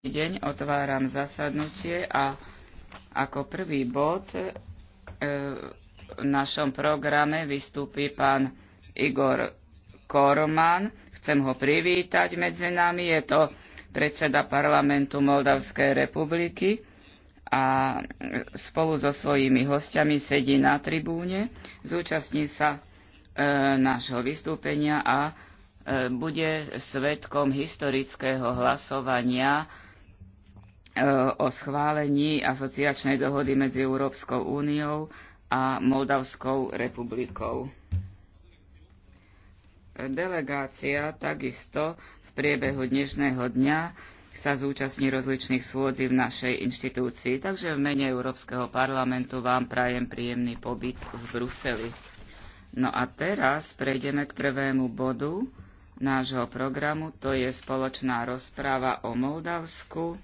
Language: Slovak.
deň otváram zasadnutie a ako prvý bod e, v našom programe vystúpi pán Igor Korman. Chcem ho privítať medzi nami. Je to predseda parlamentu Moldavskej republiky a spolu so svojimi hostiami sedí na tribúne, zúčastní sa e, nášho vystúpenia a e, bude svetkom historického hlasovania E, o schválení asociačnej dohody medzi Európskou úniou a Moldavskou republikou. Delegácia takisto v priebehu dnešného dňa sa zúčastní rozličných schôdzi v našej inštitúcii, takže v mene Európskeho parlamentu vám prajem príjemný pobyt v Bruseli. No a teraz prejdeme k prvému bodu nášho programu, to je spoločná rozpráva o Moldavsku